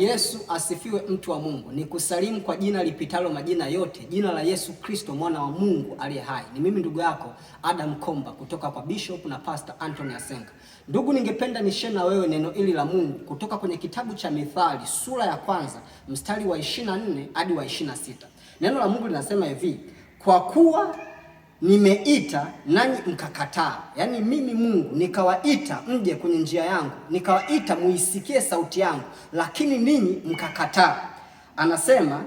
Yesu asifiwe, mtu wa Mungu. Ni kusalimu kwa jina lipitalo majina yote, jina la Yesu Kristo mwana wa Mungu aliye hai. Ni mimi ndugu yako Adam Komba kutoka kwa Bishop na Pastor Anthony Asenga. Ndugu, ningependa nishe na wewe neno hili la Mungu kutoka kwenye kitabu cha Mithali sura ya kwanza mstari wa 24 hadi wa 26. Neno la Mungu linasema hivi: kwa kuwa nimeita nanyi mkakataa, yaani mimi Mungu nikawaita mje kwenye njia yangu, nikawaita muisikie sauti yangu, lakini ninyi mkakataa. Anasema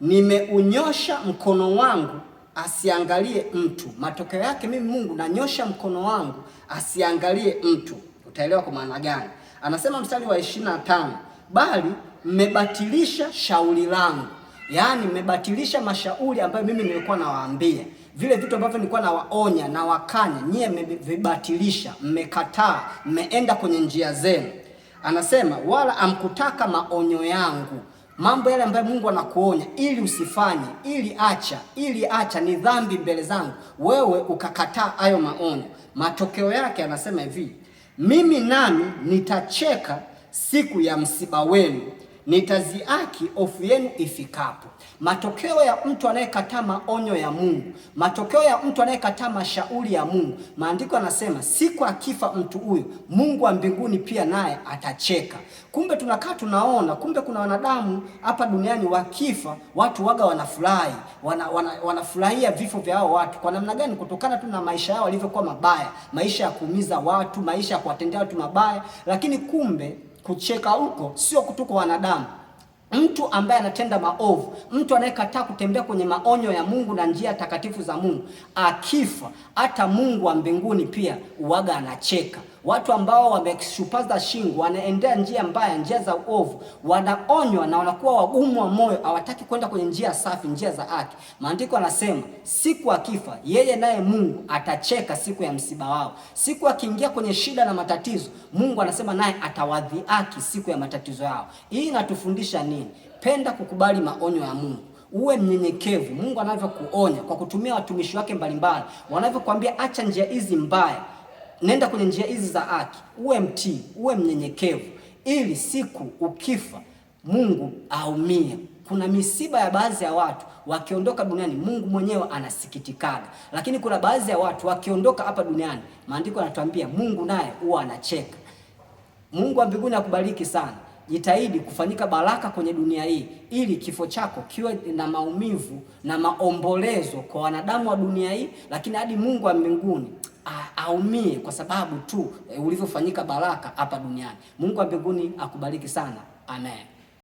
nimeunyosha mkono wangu asiangalie mtu. Matokeo yake mimi Mungu nanyosha mkono wangu asiangalie mtu. Utaelewa kwa maana gani? Anasema mstari wa ishirini na tano bali mmebatilisha shauri langu Yaani mmebatilisha mashauri ambayo mimi nilikuwa nawaambia, vile vitu ambavyo nilikuwa nawaonya na wakanya, nyie mmevibatilisha, mmekataa, mmeenda kwenye njia zenu. Anasema wala amkutaka maonyo yangu, mambo yale ambayo Mungu anakuonya ili usifanye, ili acha, ili acha, ni dhambi mbele zangu, wewe ukakataa hayo maonyo. Matokeo yake anasema hivi, mimi nami nitacheka siku ya msiba wenu nitaziaki ofu yenu ifikapo. Matokeo ya mtu anayekataa maonyo ya Mungu, matokeo ya mtu anayekataa mashauri ya Mungu, maandiko anasema siku akifa mtu huyu, Mungu wa mbinguni pia naye atacheka. Kumbe tunakaa tunaona, kumbe kuna wanadamu hapa duniani wakifa, watu waga wanafurahi, wana, wana, wanafurahia vifo vya hao watu. Kwa namna gani? Kutokana tu na maisha yao walivyokuwa mabaya, maisha ya kuumiza watu, maisha ya kuwatendea watu mabaya, lakini kumbe kucheka huko sio kutuka wanadamu. Mtu ambaye anatenda maovu, mtu anayekataa kutembea kwenye maonyo ya Mungu na njia takatifu za Mungu, akifa hata Mungu wa mbinguni pia uwaga anacheka. Watu ambao wameshupaza shingo, wanaendea njia mbaya, njia za uovu, wanaonywa na wanakuwa wagumu wa moyo, hawataki kwenda kwenye njia safi, njia za haki. Maandiko anasema siku akifa yeye, naye Mungu atacheka siku ya msiba wao. Siku akiingia kwenye shida na matatizo, Mungu anasema naye atawadhiaki siku ya matatizo yao. Hii inatufundisha nini? Penda kukubali maonyo ya Mungu, uwe mnyenyekevu. Mungu anavyokuonya kwa kutumia watumishi wake mbalimbali, wanavyokuambia acha njia hizi mbaya nenda kwenye njia hizi za haki, uwe mtii, uwe mnyenyekevu, ili siku ukifa Mungu aumie. Kuna misiba ya baadhi ya watu wakiondoka duniani, Mungu mwenyewe anasikitikana, lakini kuna baadhi ya watu wakiondoka hapa duniani, maandiko yanatuambia Mungu naye huwa anacheka. Mungu wa mbinguni akubariki sana. Jitahidi kufanyika baraka kwenye dunia hii ili kifo chako kiwe na maumivu na maombolezo kwa wanadamu wa dunia hii, lakini hadi Mungu wa mbinguni aumie kwa sababu tu e, ulivyofanyika baraka hapa duniani. Mungu wa mbinguni akubariki sana. Amen.